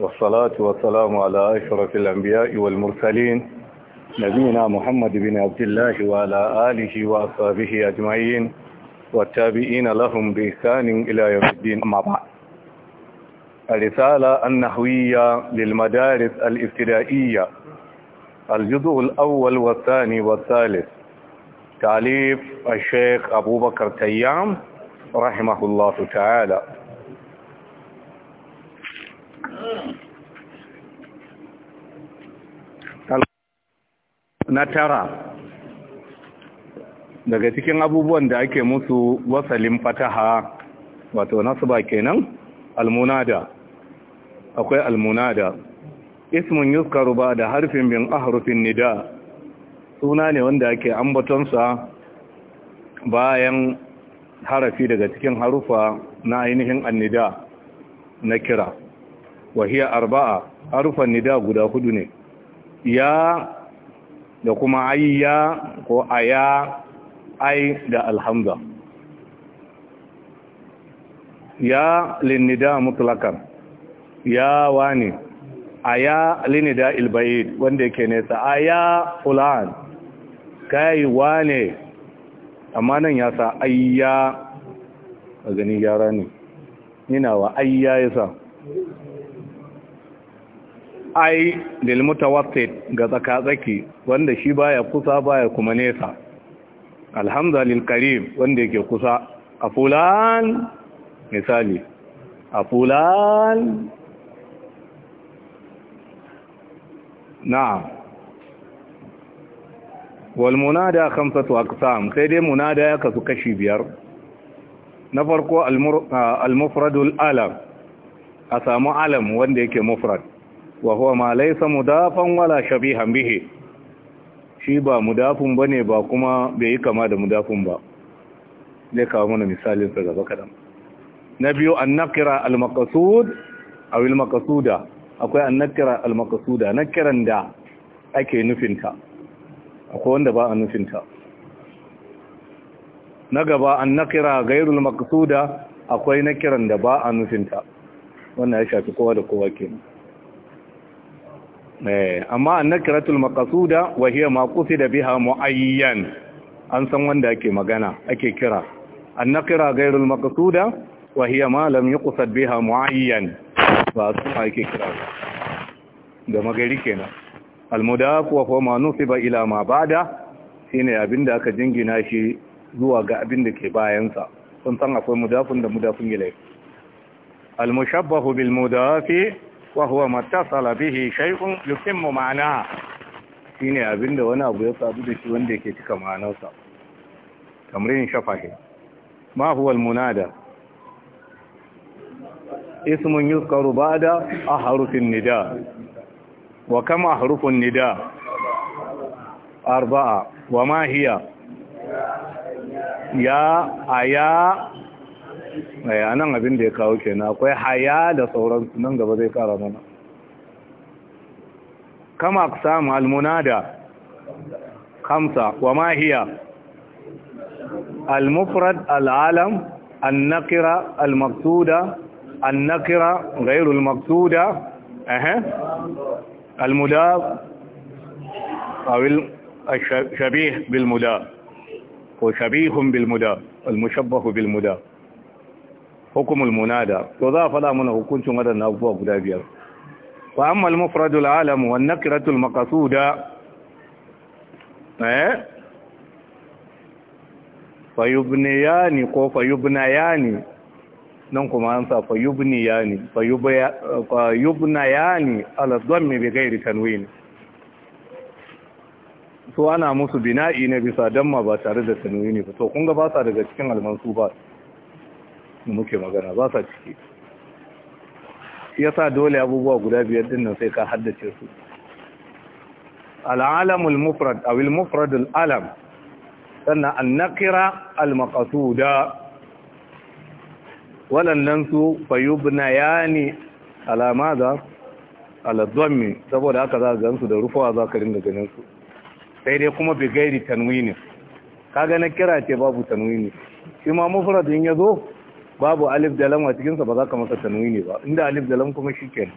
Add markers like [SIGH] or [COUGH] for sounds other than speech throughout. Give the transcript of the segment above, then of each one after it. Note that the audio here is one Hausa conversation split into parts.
والصلاة والسلام على أشرف الأنبياء والمرسلين نبينا محمد بن عبد الله وعلى آله وأصحابه أجمعين والتابعين لهم بإحسان إلى يوم الدين أما بعد الرسالة النحوية للمدارس الابتدائية الجزء الأول والثاني والثالث تعليف الشيخ أبو بكر تيام رحمه الله تعالى na tara daga cikin abubuwan da ake musu wasalin fataha wato ba kenan almunada akwai almunada ismun yuskaru ba da harfin bin ahrufin nida suna ne wanda ake ambatonsa bayan harafi daga cikin harufa na ainihin annida na kira wahiyar arba'a harufan nida guda hudu ne ya da kuma ayya ko aya ai da alhamza ya linida mutlakan ya wani aya linida ilbaid wanda yake nesa aya fulan kai wane amma nan ya sa ayya a gani yara ne yana wa ayya ya sa ai lil mutawassit ga tsaka-tsaki wanda shi baya kusa baya kuma nesa alhamdulil karim wanda yake kusa a fulan misali a fulan na wal munada khamsatu aqsam sai dai munada ya kasu kashi biyar na farko al mufradul alam a samu alam wanda yake mufrad wa huwa ma laysa mudafan wala shabihan bihi shi ba mudafun bane ba kuma bai yi kama da mudafun ba zai kawo mana misalin sa gaba kadan na biyu annakira al-maqsud aw al-maqsuda akwai annakira al-maqsuda nakiran da ake nufinta akwai wanda ba a nufinta na gaba an nakira gairul maqsuda akwai nakiran da ba a nufinta wannan ya shafi kowa da kowa kenan Eh, amma annakiratul maqsuda wa hiya ma qusida biha muayyan an san wanda ake magana ake kira annakira ghairul maqsuda wa hiya ma lam yuqsad biha muayyan ba san ake kira da magari kenan mudaf wa huwa ma nusiba ila ma ba'da shine abinda aka jingina shi zuwa ga abinda ke bayan sa kun san akwai mudafun da mudafun gilai al mushabbahu bil mudafi wa huwa shaikun bihi shay'un yutimmu ma'ana shine abinda wani abu ya sadu da shi wanda yake cika ma'anarsa kamar yin shafahi ma huwa almunada ismun yuzkaru ba'da harufin nida wa a harufin nida arba'a wa ma hiya ya Eh, Aya nan abin da ya kawo ke na akwai haya da sauran nan gaba zai kara mana kama ku samu almunada kamsa wa mahiya almufrad al'alam da almaktuda annakira gairul eh, almuda awil bilmuda ko bilmuda bilmuda hukumul munada to za a faɗa mana hukuncin waɗannan abubuwa guda biyar fa amma al-mufrad al-alam wa an-nakiratu al-maqsuda eh fa yubniyani ko fa yubnayani nan kuma an sa fa yubniyani fa yubnayani ala dhammi bi ghairi tanwin so ana musu bina'i ne bisa damma ba tare da tanwini ba to kun ga ba sa daga cikin al-mansubat da muke magana ba sa ciki yasa dole abubuwa guda biyar din nan sai ka haddace su Al'alamu mufrad al mufrad sanna sannan annakira al-maqsuda waɗannan su fayubna yani madha ala dhammi saboda haka za ka gansu da rufawa za ka rinda ganinsu sai dai kuma gairi tanwini kaga na kira ce babu tanwini shi ma mufrad in yazo? babu alif da lam a cikinsa ba za ka masa ne ba inda alif da lam kuma shiken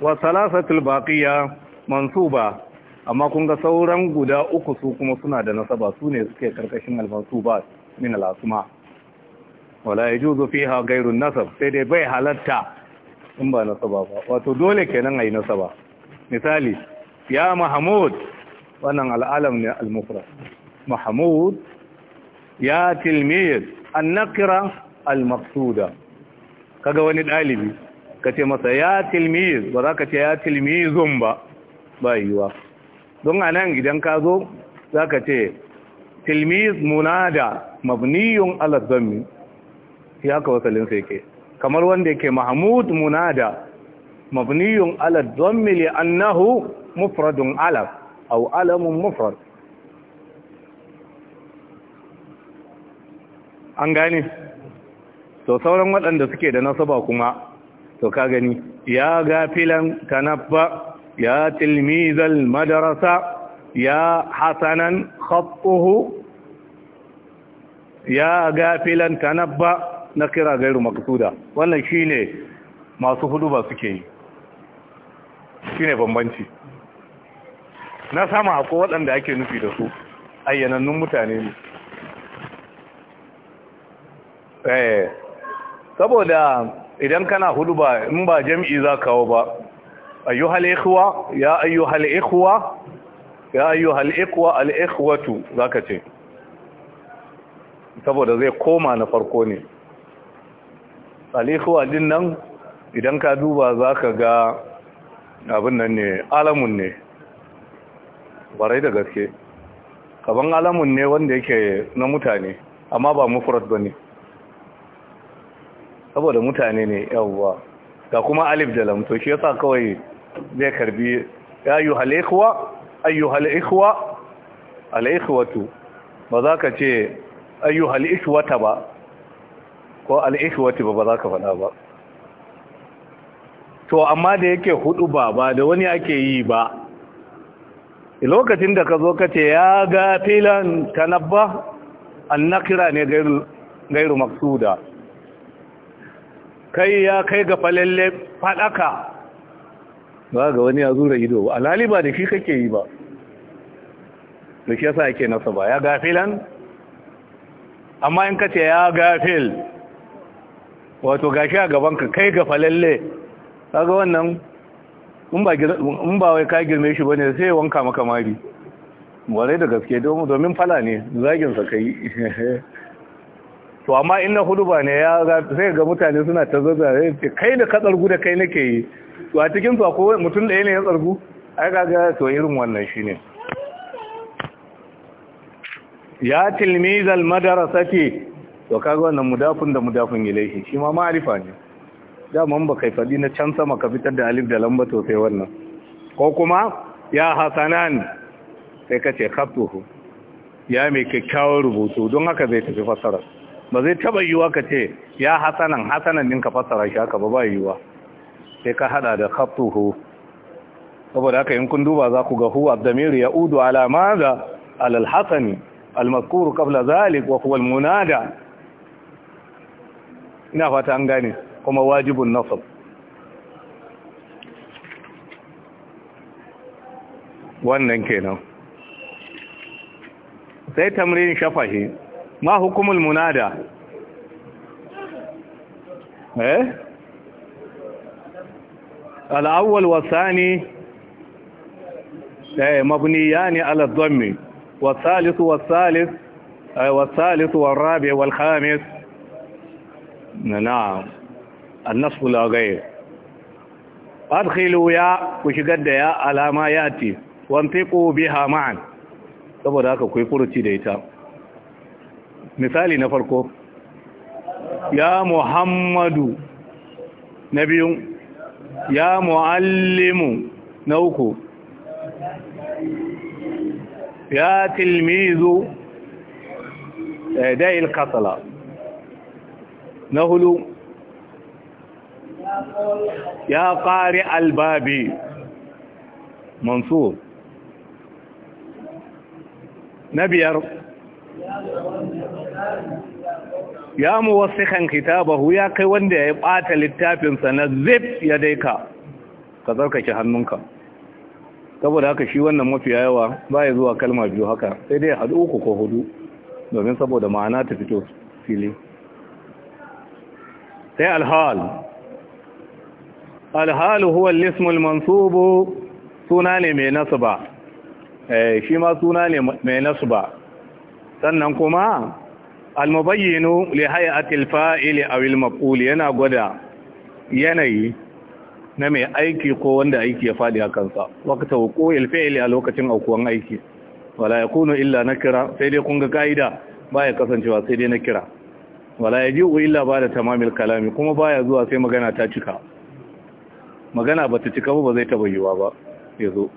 wa salasatul baqiya mansuba amma kun ga sauran guda uku su kuma suna da nasaba su ne suke karkashin almansuba min al-asma wala yajuzu fiha ghayru nasab sai dai bai halatta in ba nasaba ba wato dole kenan ayi nasaba misali ya mahmud wannan al'alam ne al-mufrad mahmud ya tilmid an-nakira al-maqsuda kaga wani dalibi kace masa ya tilmiz ba za ka ce ya tilmizun ba ba yiwa don anan idan ka zo za ka ce tilmiz munada mabniyun ala dhammi ya ka wasalin sai ke kamar wanda yake mahmud munada mabniyun ala dhammi li annahu mufradun alaf aw alamun mufrad an gane to sauran waɗanda suke da nasaba kuma to ka gani ya gafilan tanabba ya tilmizal madarasa ya hasanan khattuhu ya gafilan tanabba na kira gairu maksuda wannan shine masu hudu ba suke yi shine bambanci na sama ko waɗanda ake nufi da su ayyanannun mutane ne eh saboda idan kana hudu ba in ba jami'i za kawo ba ayyuhal ikhwa ya ayyuhal ikhwa ya ayyuhal ikhwa al ikhwatu zaka ce saboda zai koma na farko ne al ikhwa din nan idan ka duba zaka ga abin nan ne alamun ne barai da gaske kaban alamun ne wanda yake na mutane amma ba mufrad bane saboda mutane ne yawwa ga kuma alif da lam to shi yasa kawai zai karbi ya yi ikhwa ayyuhal ikhwa al ikhwatu ba za ka ce ayyuhal ikhwata ba ko al ikhwati ba ba za ka faɗa ba to amma da yake hudu ba ba da wani ake yi ba lokacin da ka zo ka ce ya ga filan tanabba annakira nakira ne gairu maksuda kai ya kai ga falalle fadaka ba ga wani ya zura ido ba alhali ba da shi kake yi ba da shi yasa yake nasa ba ya gafilan amma in kace ya gafil wato gashi a gaban ka kai ga falalle kaga wannan in ba wai ka girme shi bane sai wanka maka mari ware da gaske domin fala ne zagin sa kai [LAUGHS] to amma in na ba ne ya zai ga mutane suna ta ya ce kai da ka tsargu da kai nake yi to a cikin su mutum ɗaya ne ya tsargu ai kaga to irin wannan shine ya tilmiz al madrasati to kaga wannan mudafin da mudafun ilaihi shi ma ma'arifa ne daman ba kai fadi na can sama ka fitar da alif da lamba to sai wannan ko kuma ya hasanan sai ka ce khatuhu ya mai kyakkyawar rubutu don haka zai tafi fasara ba zai taba yiwuwa ka ce ya hasanan hasanan ɗin ka fassara shi haka ba ba yiwa sai ka hada da khaftuhu saboda haka in kun duba za ku ga huwa abdamir ya udu ala maza ala alhasani almazkuru qabla zalik wa huwa munada ina fata an gane kuma wajibun nasab wannan kenan sai tamrin shafahi ma hukumul munada eh al'awwal wasani eh mabniyani ala dhammi والثالث والثالث والثالث والرابع والخامس نعم النصف لا غير ادخلوا ya ku shigar da ya alama yati wantiqu biha ma'an saboda haka ku yi da ita misali na farko ya muhammadu na biyu ya muallimu na uku ya tilmizu da ilkasala na hudu ya ƙari albabi mansur na biyar ya mu muwassikan kitabahu ya kai wanda ya yi ɓata littafinsa na zip ya daika ka tsarkake hannunka saboda haka shi wannan mafiya yawa ba ya zuwa kalma biyu haka sai dai haɗu uku ko hudu domin saboda ma'ana ta fito fili sai alhal alhal huwa lismul mansubu suna ne mai nasu ba eh, shi ma suna ne mai nasu ba sannan kuma almubayyinu li hayatil fa'ili aw al yana gwada yanayi na mai aiki ko wanda aiki ya fadi a kansa waqta wuqu'il fi'li a lokacin aukuwan aiki wala yakunu illa nakira sai dai kun ga kaida baya kasancewa sai dai nakira wala yaji'u illa ba'da tamamil kalami kuma baya zuwa sai magana ta cika magana bata cika ba zai tabayyuwa ba yazo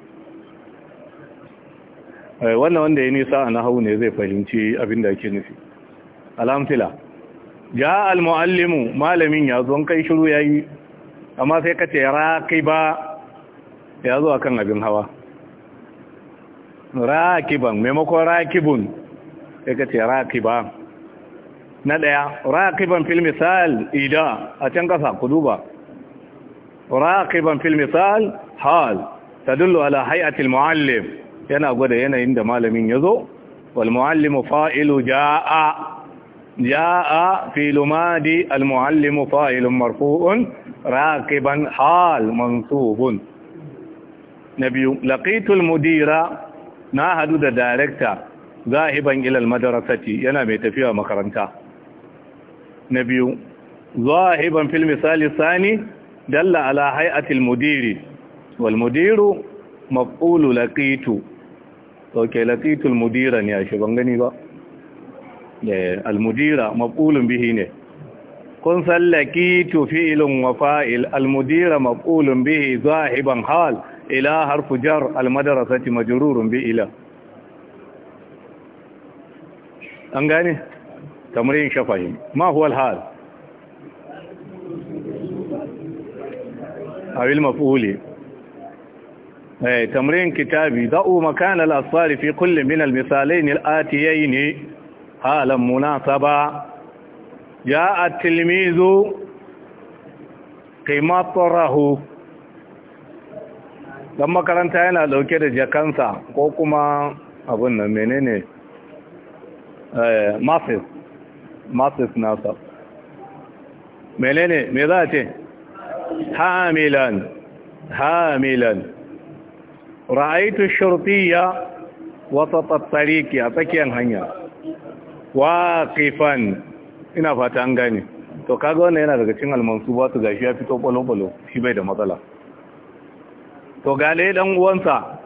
eh, wannan wanda ya nisa a nahau ne zai fahimci abin da ake nufi Alamfila, ja almuallimu malamin ya zo kai shiru yayi amma sai ka ce raqiba ya zo akan abin hawa raqiban maimakon raqibun sai ka ce raqiba na daya raqiban fil misal ida a can kasa ku duba raqiban fil misal hal tadullu ala hay'atil muallim yana gwada yanayin da malamin ya zo, wal muallimu fa'ilu jaa جاء في لمادي المعلم فاعل مرفوع راكبا حال منصوب نبي لقيت المدير na hadu da darekta zahiban ilal madarasati yana mai tafiya makaranta na biyu zahiban fil misali sani dalla ala hay'atil mudiri wal mudiru maqulu laqitu laƙitul laqitul mudiran ya shi ban gani ba المديرة مبؤول به نه كن سلكيت فيل وفائل المديرة مبؤول به ذاهبا حال إلى حرف جر المدرسة مجرور بإله أنقاني تمرين شفاهم ما هو الحال أو المفؤول تمرين كتابي دعوا مكان الأصار في كل من المثالين الآتيين حالا مناسبة جاء التلميذ قمطره dan makaranta yana dauke da jakansa ko kuma abin nan menene eh masif masif nasa menene me za a ce hamilan hamilan ra'aitu shurtiyya wata tsariki a tsakiyar hanya waƙifan ina fata an gane to kaga wannan yana daga cikin ba su gashi ya fito balo-balo shi bai da matsala to gale dan uwansa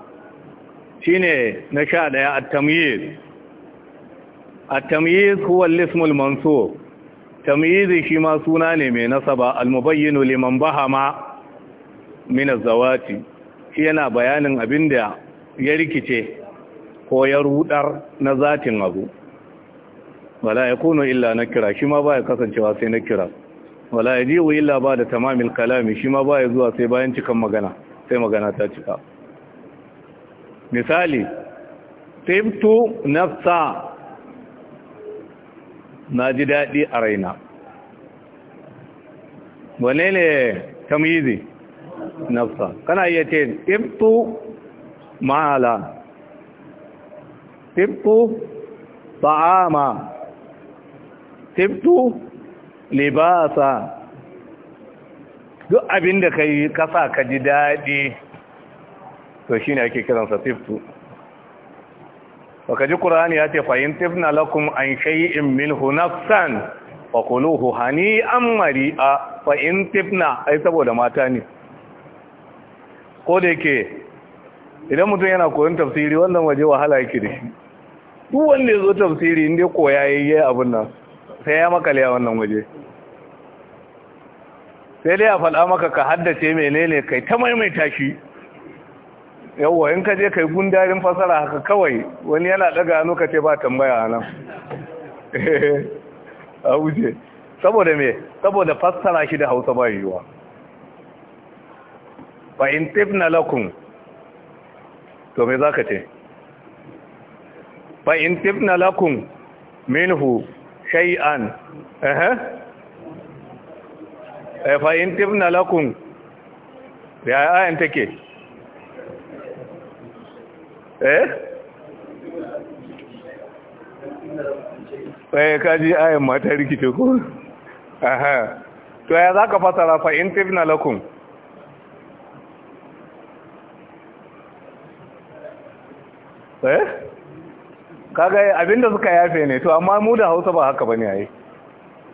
shine na sha daya a tamyiz A tamyiz huwa lismul manso al-mansub tamyiz shi ma suna ne mai nasaba al-mubayyinu liman bahama min az-zawati shi yana bayanin abin da ya rikice ko ya rudar na zatin abu wala ya kuno illa na kira shi ma baya kasancewa sai na kira wala ya jiwo illa ba da tamamin kalami shi ma baya zuwa sai bayan cikan magana sai magana ta cika misali taimtu nafsa na ji daɗi a raina wane ne tamizi nafsa kana iya ce taimtu ma'ala taimtu ta'ama tiftu libasa duk abin da ka yi kasa ka ji daɗi to shi ne ake kiransa tiftu baka ji ƙura'ani ya ce fahim tifna lakum an shay'in milhu nafsan wa hani an mari'a fahim tifna ai saboda mata ne ko da yake idan mutum yana koyon tafsiri wannan waje wahala yake da shi duk wanda ya zo tafsiri inda koya yayi abin nan sai ya makale a wannan waje sai dai a faɗa maka ka haddace menene kai ta maimaita shi yawwa in ka je kai gundarin fasara haka kawai wani yana daga hannu ka ce ba tambaya nan [LAUGHS] a wuce saboda me saboda fassara shi da hausa ba yiwuwa fa in tifna lakum to me zaka ce fa in tifna lakum minhu shay'an eh fa in tibna lakum ya ayan take eh eh kaji ayan mata rikice ko aha to ya zaka fasara fa in tibna lakum eh kaga abinda suka yafe ne to amma mu da hausa ba haka bane yayi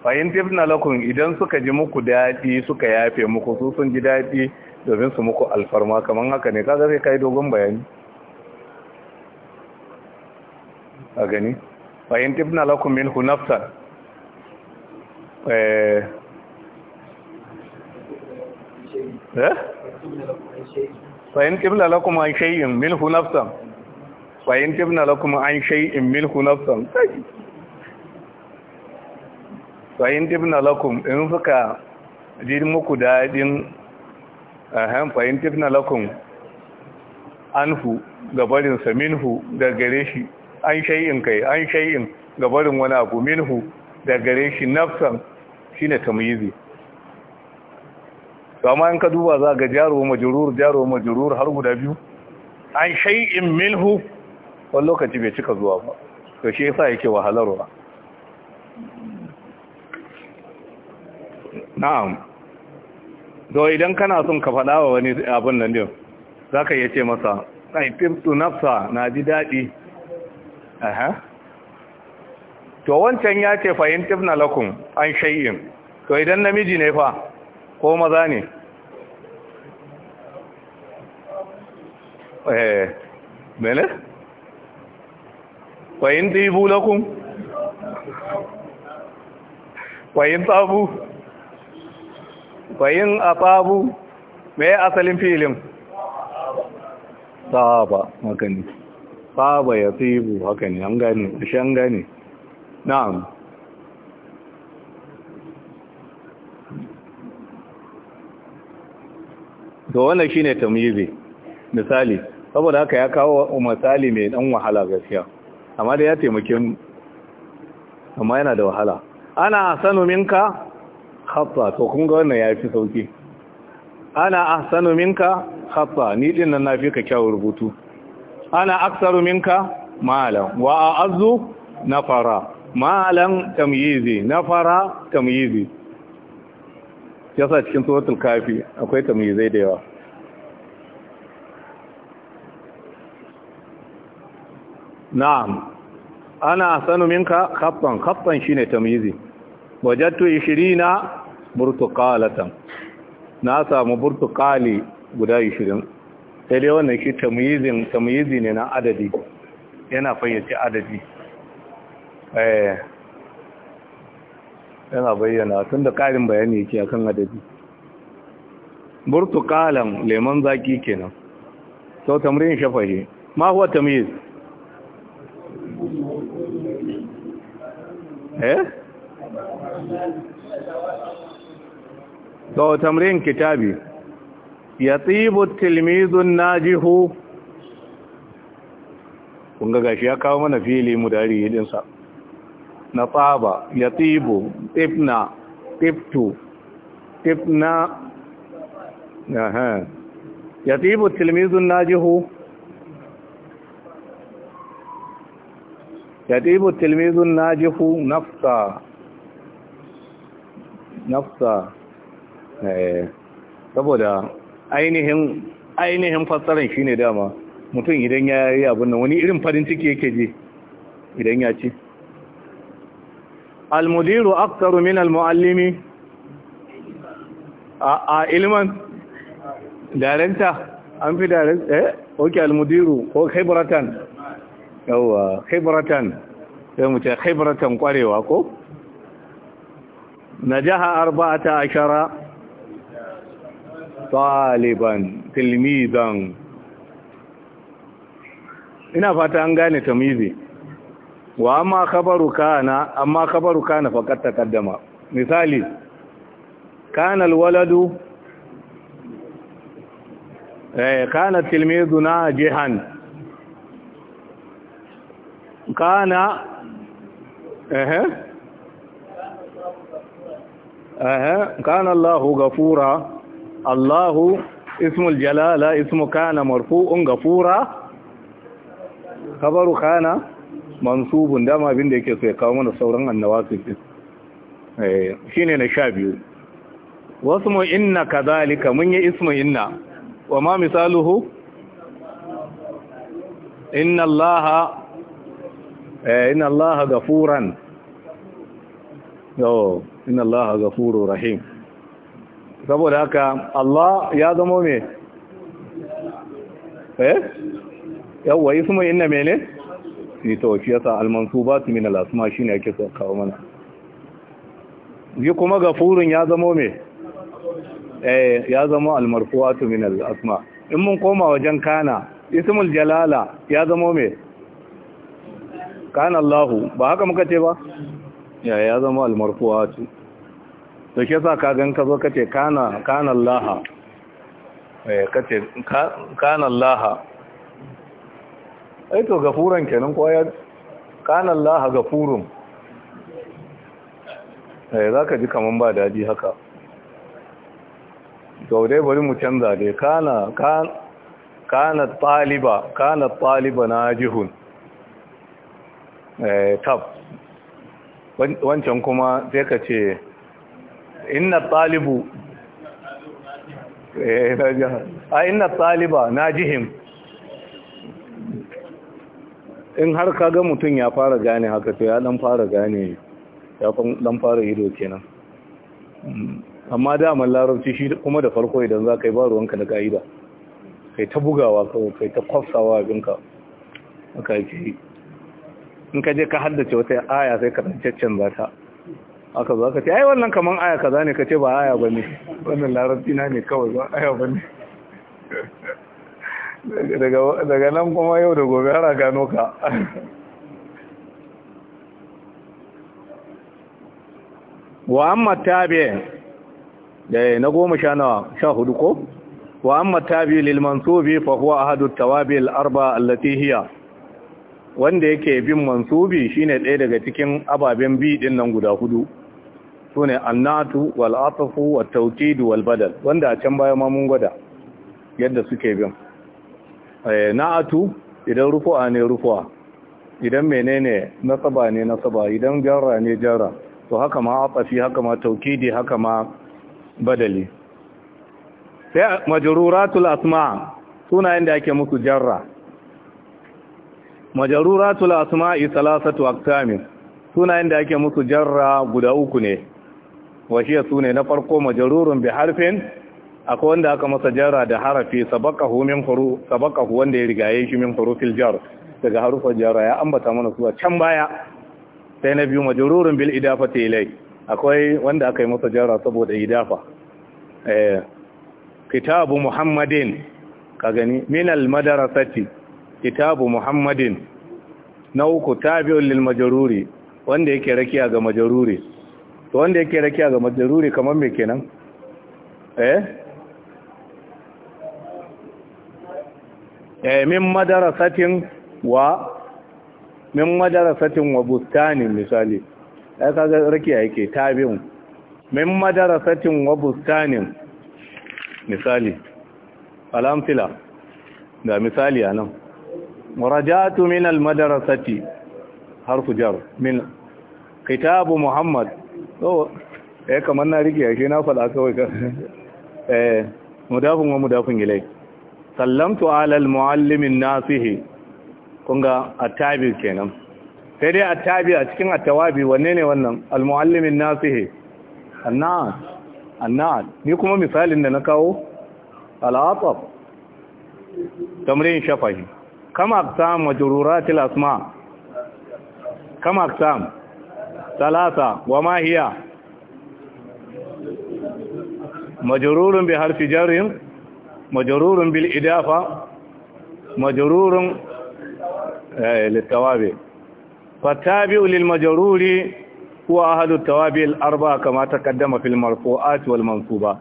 fahim tibna lakum idan suka ji muku dadi suka yafe muku su sun ji dadi domin su muku alfarma kaman haka ne kaga sai kai dogon bayani a gani fahim tibna lakum min hunafsa eh eh fahim tibna lakum an shay'in min hunafsa fayin in tibna lakum an shay'in milhu nafsan fayin in tibna lakum in suka ji muku dadin ahan fayin in tibna lakum hu gabarin sa minhu da gare shi an shay'in kai an shay'in gabarin wani abu minhu da gare shi nafsan ta tamyizi amma in ka duba za ga jaro majurur jaro majurur har guda biyu an in milhu. wani lokaci bai cika zuwa ba to shi yasa yake wahalarwa na'am to idan kana son ka faɗa wa wani abin nan din zaka iya ce masa ai timtu nafsa na ji daɗi aha to wancan ya ce fahim tifna lakum an shay'in to idan namiji ne fa ko maza ne eh bene wa in tibu lakum tsabu in tabu wa in asalin filin saba haka ne saba ya tibu haka ne an gane shi an gane na'am to wannan shine tamyizi misali saboda haka ya kawo misali mai ɗan wahala gaskiya amma da ya taimake mu amma yana da wahala ana ahsanu minka khatta to kun ga wannan yafi sauki ana ahsanu minka khatta ni din nan nafi ka kyawun rubutu ana aktsaru minka malam wa a'azzu nafara malam tamyizi nafara tamyizi yasa cikin suratul kafi akwai tamyizai da yawa na'am ana sanu minka khaffan khaffan shine tamyizi wajattu 20 burtuqalatan na samu burtuqali guda 20 sai dai wannan shi tamyizin tamyizi ne na adadi yana fayyace adadi eh yana bayyana tunda karin bayani yake akan adadi burtuqalan lemon zaki kenan sau tamrin shafahi ma huwa tamyiz eh to tamrin kitabi yatibu tilmizun najihu kun ga gashi ya kawo mana fili mudari yidin sa na tsaba yatibu ibna ibtu ibna aha yatibu tilmizun najihu يتيب التلميذ الناجح نفسا nafsa saboda ainihin ainihin fassaran shine dama mutum idan ya yi abin wani irin farin ciki yake ji idan ya ci almudiru aktaru min almuallimi a ilman darenta an fi darenta eh oke almudiru ko buratan. yawwa khibratan sai mu ce khibratan kwarewa ko najaha arba'ata ashara taliban tilmizan ina fata an gane tamizi wa amma khabaru kana amma khabaru kana faqat taqaddama misali kana alwaladu eh kana tilmizuna jihan kana ehe ehe kana Allahu gafura Allahu ismul jalala ismu kana marfu'un gafura kabaru kana mansubun dama abin da yake so ya kawo mana sauran annawasif eh shine na sha 12 wasmu inna kadhalika mun yi ismu inna wa ma misaluhu inna allaha Eh, ina Allah gafuran yau inna allaha gafuru rahim saboda haka Allah ya zama me eh yi suma ina mene ni to shi yasa al-mansubat min al-asma ne ake kawo mana yi kuma gafurin ya zama me eh ya zama al su min lasu ma in mun koma wajen kana ismul jalala ya zama me kan Allah ba haka muka ce ba ya ya zama almarfuatu to ke sa ka gan ka zo kace kana kan Allah eh kace kan Allah ai to gafuran kenan ko ya kan Allah gafurun eh zaka ji kaman ba dadi haka to dai bari mu canza dai kana kana taliba kana taliba najihun Eh, tab wancan kuma sai ka ce inna talibu eh, a inna taliba na jihim in har ka ga mutum ya fara gane haka to ya dan fara gane ya dan fara ido kenan hmm. amma dama larabci shi kuma da farko idan za ka yi baruwanka da ka'ida kai ta bugawa kai ta kwafsawa abinka aka yake yi in ka je ka haddace wata aya sai ka rancen za ta aka zo aka ce ai wannan kaman aya kaza ne ka ce ba aya bane wannan larabci na ne kawai ba aya bane [LAUGHS] daga nan kuma yau da gobe har a gano ka [LAUGHS] wa amma tabi da na goma sha nawa sha hudu ko wa amma tabi lil mansubi fa huwa ahadu tawabi al arba allati hiya wanda yake bin mansubi shine ɗaya daga cikin ababen bi din nan guda hudu sune annatu wal atfu wat tawkid wal badal wanda a can baya ma mun gwada yadda suke bin eh na'atu idan rufu'a ne rufu'a idan menene nasaba ne nasaba idan jarra ne jarra to haka ma atafi haka ma tawkidi haka ma badali sai majruratul asma sunayen da ake musu jarra majaruratul asma'i salasatu aktami sunayen da ake musu jarra guda uku ne washiya sune na farko majarurun bi harfin akwai wanda aka masa jarra da harafi sabaqahu min huru sabaqahu wanda ya rigaye shi min hurufil jar daga harufan jarra ya ambata mana su a can baya sai na biyu majarurun bil idafati ilai akwai wanda aka yi masa jarra saboda idafa eh kitabu muhammadin ka gani min al madarasati kitabu muhammadin na uku tabi'un lil majruri wanda yake rakiya ga majruri to wanda yake rakiya ga majruri kamar me kenan eh eh min madarasatin wa min madarasatin wa bustanin misali ai kaga rakiya yake tabi'un min madarasatin wa bustanin misali alamfila ga misali anan rajatu minal almadrasati harfu jar min kitabu muhammad to oh, eh, kamar na rike shi na fada kawai ka [LAUGHS] eh mudafun wa mudafun ilai sallamtu ala almuallimin nasihi kunga attabi kenan sai dai attabi a cikin attawabi wanne ne wannan almuallimin nasihi annan annan ni kuma misalin da na kawo al'atab tamrin shafahi كم أقسام وجرورات الأسماء كم أقسام ثلاثة وما هي مجرور بحرف جر مجرور بالإضافة مجرور للتوابع فالتابع للمجرور هو أهل التوابع الأربعة كما تقدم في المرفوعات والمنصوبات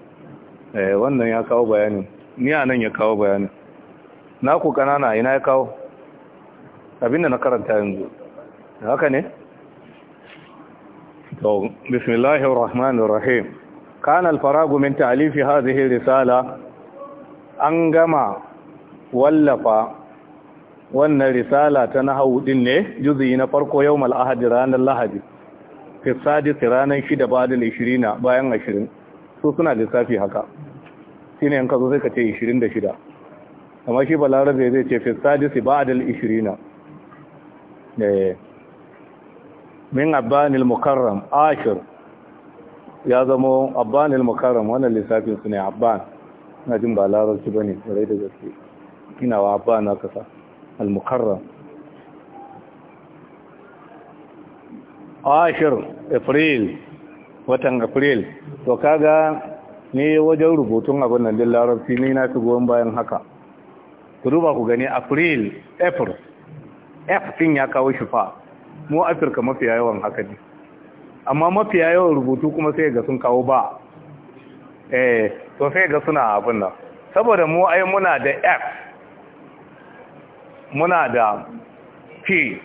wannan ya kawo bayanin ni a nan ya kawo bayanin na ku kanana ina ya kawo abinda na karanta yanzu haka ne to bismillahir rahmanir rahim kana alfaragu min ta'lifi hadhihi risala an gama wallafa wannan risala ta nahawu din ne juzuyi na farko yawmal ahad ranar lahadi fi sadis ranar 6 badal 20 bayan 20 su suna lissafi haka shine in ka zo sai ka ce 26 kamar shi balarabe zai ce fi sadisi ba'dal 20 eh min abbanil mukarram ashir ya zama abbanil mukarram wannan lissafin su ne abban na jin ba larabci ba ne rai da gaske ina wa abban na kasa al-mukarram ashir april watan april to kaga ne wajen rubutun abin nan din larabci ne na fi goyon bayan haka ku duba ku gani april april f din ya kawo shi fa mu afirka mafiya yawan haka ne amma mafiya yawan rubutu kuma sai ga sun kawo ba eh to sai ga suna abin nan saboda mu ai muna da f muna da p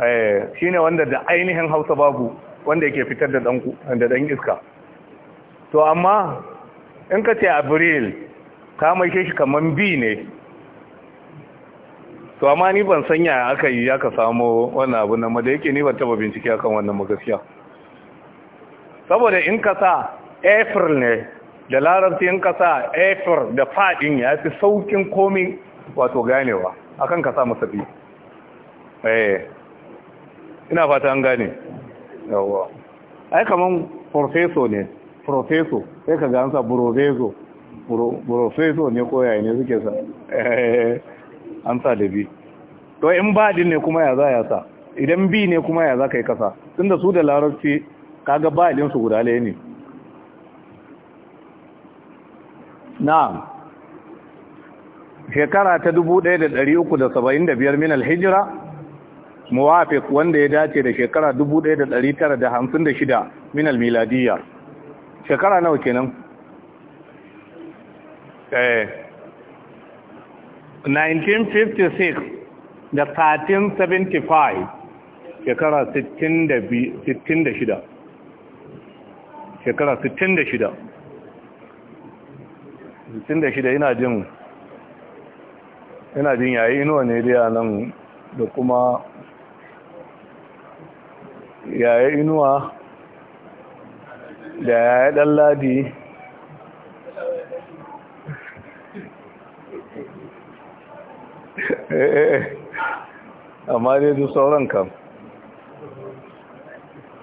eh shine wanda da ainihin Hausa babu wanda yake fitar da danku da dan iska to amma in ka ce april ka mai shi kaman b ne to amma ni ban sanya aka yi aka samu wannan abu nan ma da yake ni ban taba bincike akan wannan magaskiya saboda in ka sa april ne da larabci in ka sa april da fadin ya fi saukin komi wato ganewa akan ka sa masa bi eh ina fata an gane yawa ai kaman professor ne professor sai ka ga an sa professor professor ne koyaye ne suke sa eh an sa da bi to in ba din ne kuma ya za ya sa idan bi ne kuma ya za ka yi kasa tunda su da larabci kaga ba din su guda ne na'am shekara ta 1375 min minal hijira muwafiq wanda ya dace da shekara 1956 min minal miladiyya shekara nawa kenan eh 1956 da 1375 shekara 66 shekara 66 66 ina jin ina jin yayi inuwa ne da nan da kuma yayi inuwa da yayi dan ladi Eh, eh, eh. amma dai duk sauran kam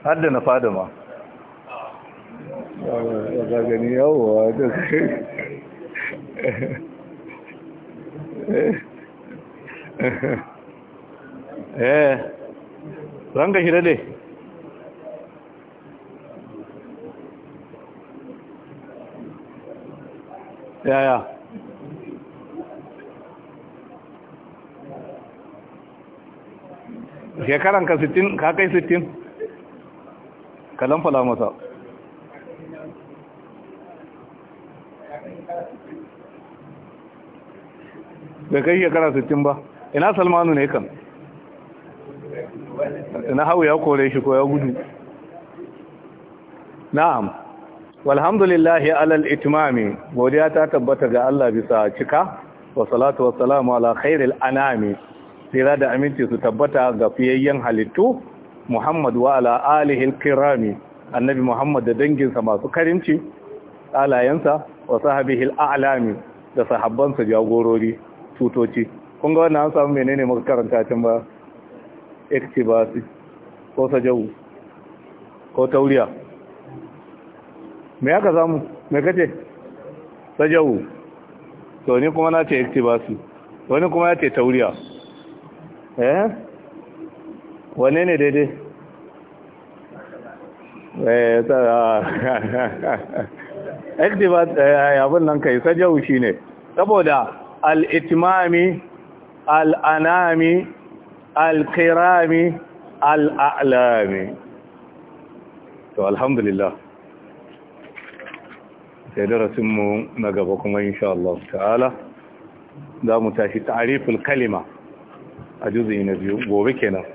hadda na fada ma ga gani yawowa da eh ranka shi dade yaya shekaran ka 60 ka kai 60 ka fala masa bai kai shekara 60 ba ina salmanu ne kan ina hau ya kore shi ko ya gudu na'am walhamdulillahi alal itmami godiya ta tabbata ga Allah bisa cika wa salatu wa salamu ala khairil anami tsira da aminci su tabbata ga fiyayyen halittu Muhammadu wa ala alihil kirami annabi Muhammad da danginsa masu karinci alayensa wa sahabihil alami da sahabbansa jagorori tutoci kun ga wannan an samu menene muka karanta can ba iktibasi ko sajawu ko tauriya me aka samu me kace sajawu to ni kuma na ce iktibasi wani kuma ya ce tauriya eh wane ne daidai eh iktibat ah, [LAUGHS] eh, abin nan kai sajau shine saboda al-itmami al-anami al-kirami al-a'lami to alhamdulillah sai mu na gaba kuma insha ta'ala za mu tashi ta'riful kalima a juzi na biyu gobe kenan